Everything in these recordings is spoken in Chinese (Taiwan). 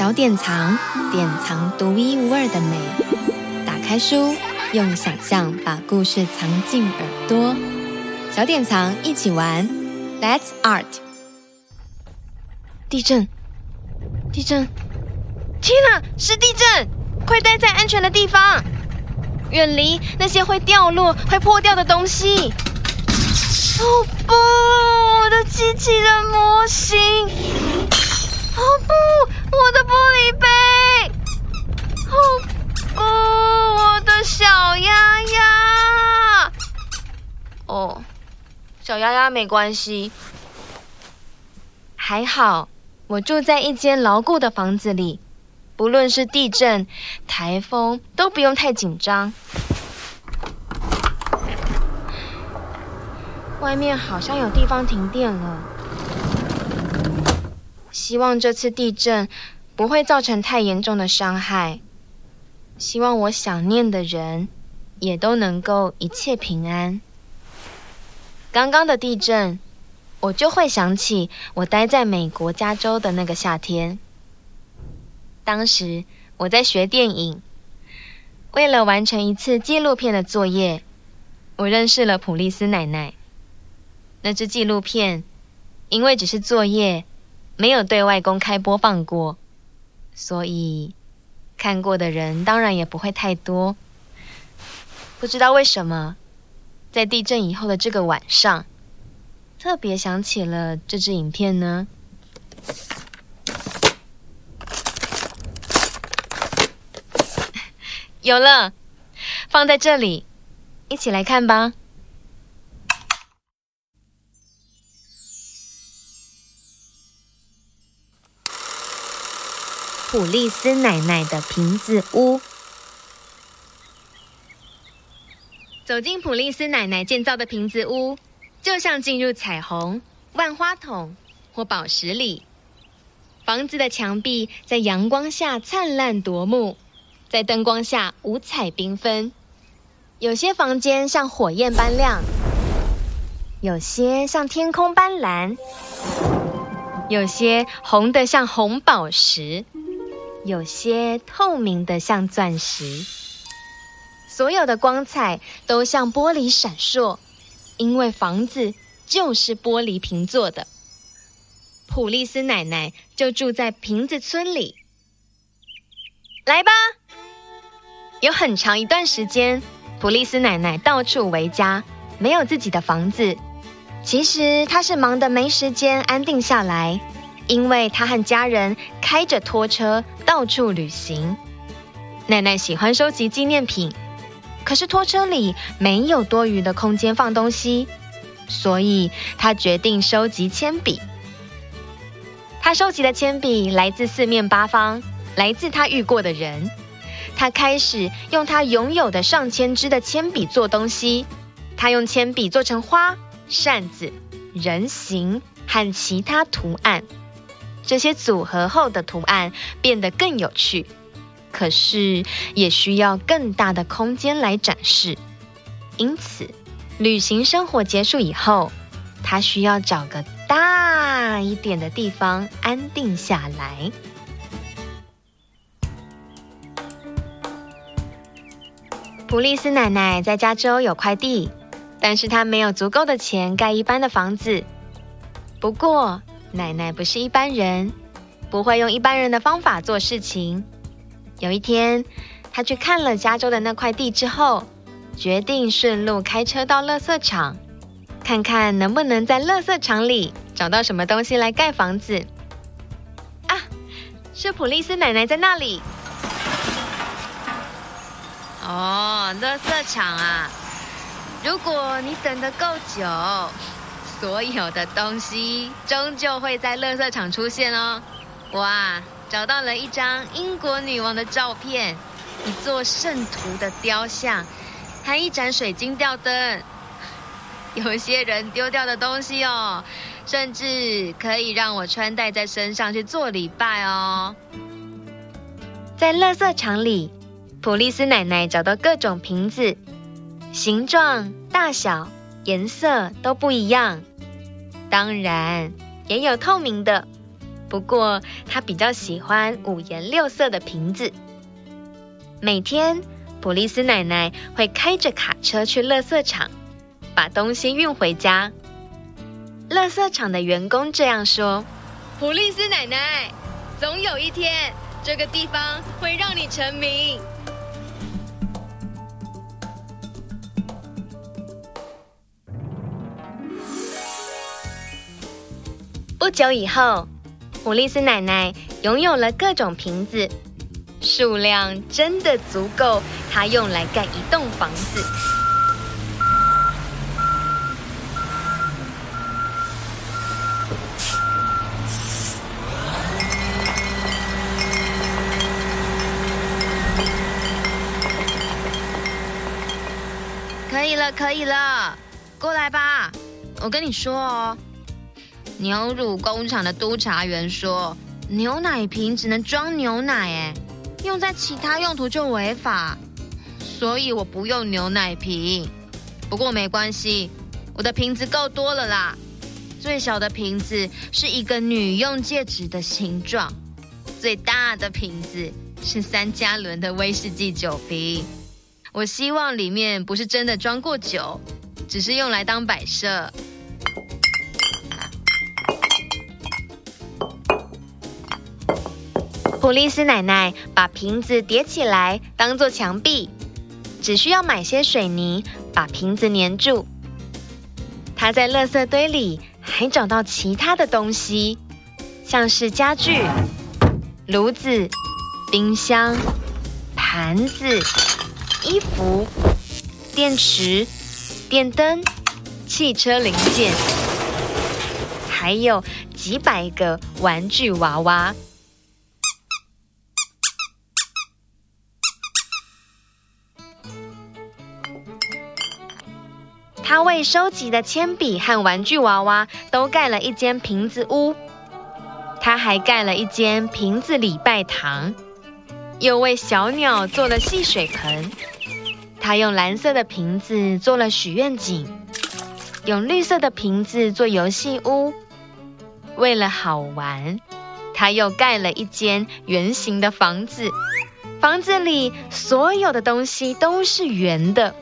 小典藏，典藏獨一無二的美。打開書，用想象把故事藏進耳朵。小典藏，一起玩，Let's Art。地震！地震！天哪，是地震！快待在安全的地方，遠離那些會掉落、會破掉的東西。哦不，我的機器人模型！小丫丫，沒關係，還好我住在一間牢固的房子裡，不論是地震、颱風都不用太緊張。外面好像有地方停電了，希望這次地震不會造成太嚴重的傷害，希望我想念的人也都能夠一切平安。剛剛的地震，我就會想起我待在美國加州的那個夏天。當時我在學電影，為了完成一次紀錄片的作業，我認識了普利斯奶奶。那支紀錄片因為只是作業，沒有對外公開播放過，所以看過的人當然也不會太多。不知道為什麼。在地震以後的這個晚上，特別想起了這支影片呢。 有了，放在這裡，一起來看吧。普利斯奶奶的瓶子屋。走進普利斯奶奶建造的瓶子屋，就像進入彩虹、萬花筒或寶石裡。房子的牆壁在陽光下燦爛奪目，在燈光下五彩繽紛。有些房間像火焰般亮，有些像天空般藍，有些紅得像紅寶石，有些透明得像鑽石。所有的光彩都像玻璃閃爍，因為房子就是玻璃瓶做的。普利斯奶奶就住在瓶子村裡。來吧，有很長一段時間，普利斯奶奶到處為家，沒有自己的房子。其實她是忙得沒時間安定下來，因為她和家人開着拖車到處旅行。奶奶喜歡收集紀念品。可是拖車裡沒有多餘的空間放東西，所以他決定收集鉛筆。他收集的鉛筆來自四面八方，來自他遇過的人。他開始用他擁有的上千支的鉛筆做東西。他用鉛筆做成花、扇子、人形和其他圖案。這些組合後的圖案變得更有趣。可是也需要更大的空間來展示，因此，旅行生活結束以後，她需要找個大一點的地方安定下來。普利斯奶奶在加州有塊地，但是她沒有足夠的錢蓋一般的房子。不過，奶奶不是一般人，不會用一般人的方法做事情。有一天，他去看了加州的那塊地之後，決定順路開車到垃圾場，看看能不能在垃圾場裡找到什麼東西來蓋房子。啊，是普利斯奶奶在那裡。哦，垃圾場啊！如果你等得夠久，所有的東西終究會在垃圾場出現哦。哇！找到了一張英國女王的照片，一座聖徒的雕像，還一盞水晶吊燈。有些人丟掉的東西哦，甚至可以讓我穿戴在身上去做禮拜哦。在垃圾場裡，普利斯奶奶找到各種瓶子，形狀、大小、顏色都不一樣，當然也有透明的。不過，他比較喜歡五顏六色的瓶子。每天，普利斯奶奶會開着卡車去垃圾場，把東西運回家。垃圾場的員工這樣說：“普利斯奶奶，總有一天，這個地方會讓你成名。”不久以後。普利斯奶奶擁有了各種瓶子，數量真的足夠她用來蓋一棟房子。 可以了，可以了，過來吧，我跟你說哦。牛乳工廠的督察員說：“牛奶瓶只能裝牛奶，哎，用在其他用途就違法，所以我不用牛奶瓶。不過沒關係，我的瓶子夠多了啦。最小的瓶子是一個女用戒指的形狀，最大的瓶子是三加侖的威士忌酒瓶。我希望裡面不是真的裝過酒，只是用來當擺設。”普利斯奶奶把瓶子疊起來當做牆壁，只需要買些水泥把瓶子粘住。她在垃圾堆裡還找到其他的東西，像是家具、爐子、冰箱、盤子、衣服、電池、電燈、汽車零件，還有幾百個玩具娃娃。他為收集的鉛筆和玩具娃娃都蓋了一間瓶子屋，她還蓋了一間瓶子禮拜堂，又為小鳥做了戲水盆。她用藍色的瓶子做了許願井，用綠色的瓶子做遊戲屋。為了好玩，她又蓋了一間圓形的房子，房子裡所有的東西都是圓的。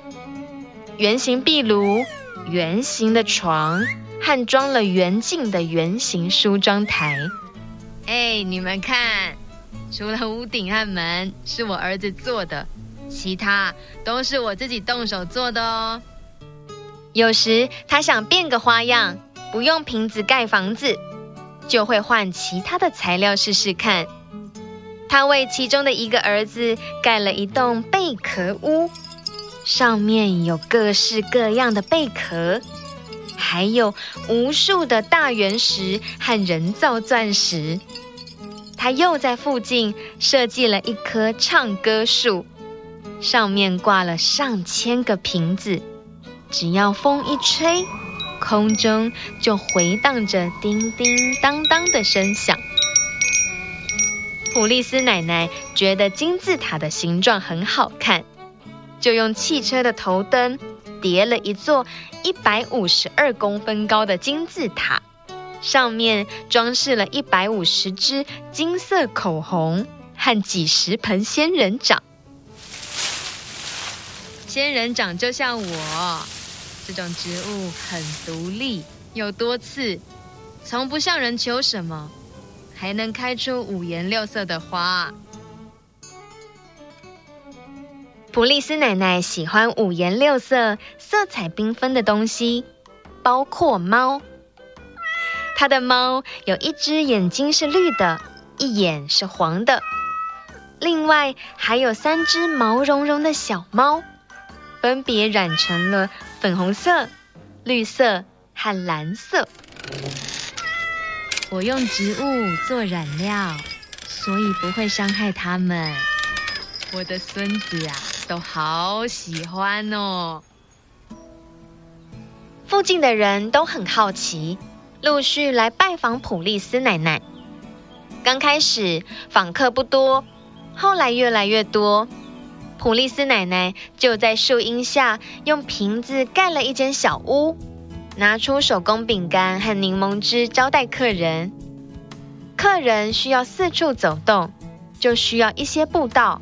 圓形壁爐、圓形的床和裝了圓鏡的圓形梳妝台。哎、欸，你們看，除了屋頂和門是我兒子做的，其他都是我自己動手做的哦。有時他想變個花樣，不用瓶子蓋房子，就會換其他的材料試試看。他為其中的一個兒子蓋了一棟貝殼屋。上面有各式各樣的貝殼，還有無數的大原石和人造鑽石。她又在附近設計了一棵唱歌樹，上面掛了上千個瓶子，只要風一吹，空中就迴盪着叮叮當當的聲響。普利斯奶奶覺得金字塔的形狀很好看。就用汽車的頭燈疊了一座一百五十二公分高的金字塔，上面裝飾了一百五十支金色口紅和幾十盆仙人掌。仙人掌就像我，這種植物很獨立，又多刺，從不向人求什麼，還能開出五顏六色的花。普利斯奶奶喜歡五顏六色、色彩繽紛的東西，包括貓。她的貓有一隻眼睛是綠的，一眼是黃的。另外還有三隻毛茸茸的小貓，分別染成了粉紅色、綠色和藍色。我用植物做染料，所以不會傷害它們我的孫子啊，都好喜歡哦。附近的人都很好奇，陸續來拜訪普利斯奶奶。剛開始訪客不多，後來越來越多。普利斯奶奶就在樹蔭下用瓶子蓋了一間小屋，拿出手工餅乾和檸檬汁招待客人。客人需要四處走動，就需要一些步道。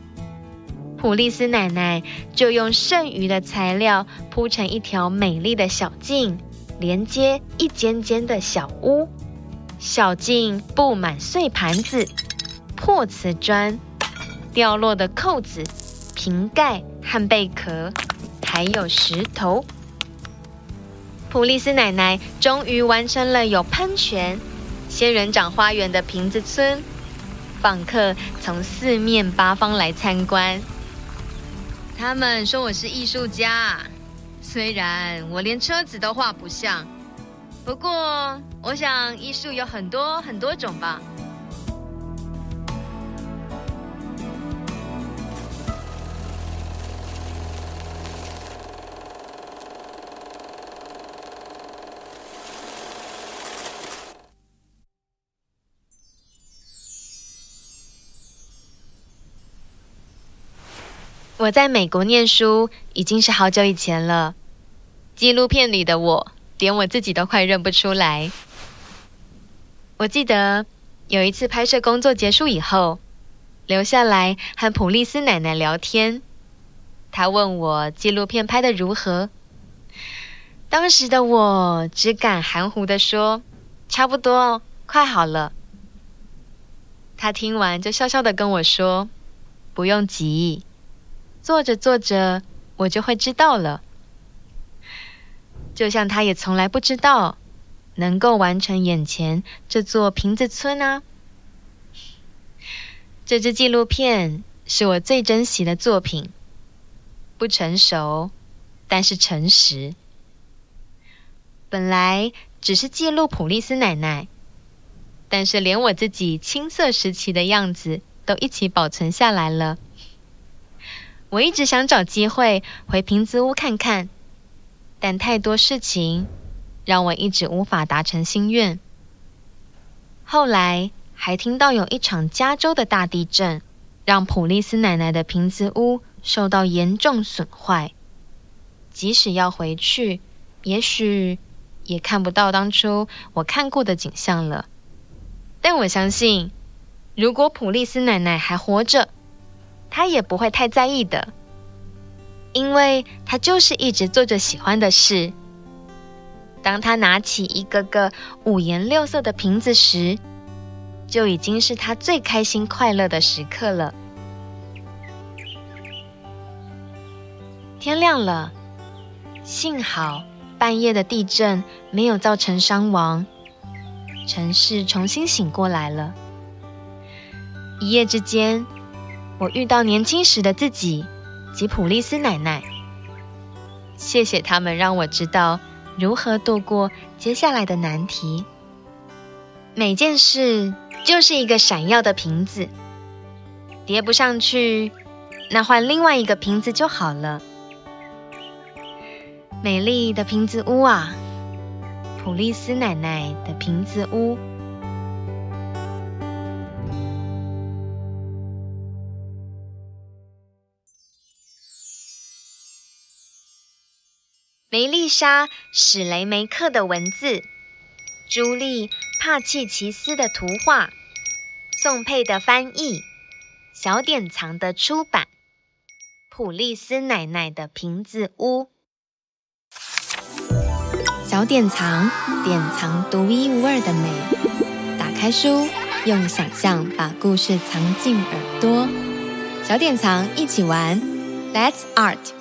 普利斯奶奶就用剩餘的材料鋪成一條美麗的小徑，連接一間間的小屋。小徑布滿碎盤子、破瓷磚、掉落的扣子、瓶蓋和貝殼，還有石頭。普利斯奶奶終於完成了有噴泉、仙人掌花園的瓶子村。訪客從四面八方來參觀。他們說我是藝術家，雖然我連車子都畫不像，不過我想藝術有很多很多種吧。我在美國念書已經是好久以前了。紀錄片裡的我，連我自己都快認不出來。我記得有一次拍攝工作結束以後，留下來和普利斯奶奶聊天。她問我紀錄片拍得如何，當時的我只敢含糊地說：“差不多，快好了。”她聽完就笑笑地跟我說：“不用急。”做着做着，我就會知道了。就像他也從來不知道，能夠完成眼前這座瓶子村啊。這支紀錄片是我最珍惜的作品，不成熟，但是誠實。本來只是記錄普利斯奶奶，但是連我自己青澀時期的樣子都一起保存下來了。我一直想找機會回瓶子屋看看，但太多事情讓我一直無法達成心願。後來還聽到有一場加州的大地震，讓普利斯奶奶的瓶子屋受到嚴重損壞。即使要回去，也許也看不到當初我看過的景象了。但我相信，如果普利斯奶奶還活着，他也不會太在意的，因為他就是一直做着喜歡的事。當他拿起一個個五顏六色的瓶子時，就已經是他最開心快樂的時刻了。天亮了，幸好半夜的地震沒有造成傷亡，城市重新醒過來了。一夜之間。我遇到年輕時的自己，及普利斯奶奶。謝謝他們讓我知道如何度過接下來的難題。每件事就是一個閃耀的瓶子，疊不上去，那換另外一個瓶子就好了。美麗的瓶子屋啊，普利斯奶奶的瓶子屋。梅麗莎·史雷梅克的文字，朱莉·帕契琪絲的圖畫，宋珮的翻譯，小典藏的出版，普利斯奶奶的瓶子屋。小典藏，典藏獨一無二的美。打開書，用想象把故事藏進耳朵。小典藏，一起玩，Let's Art。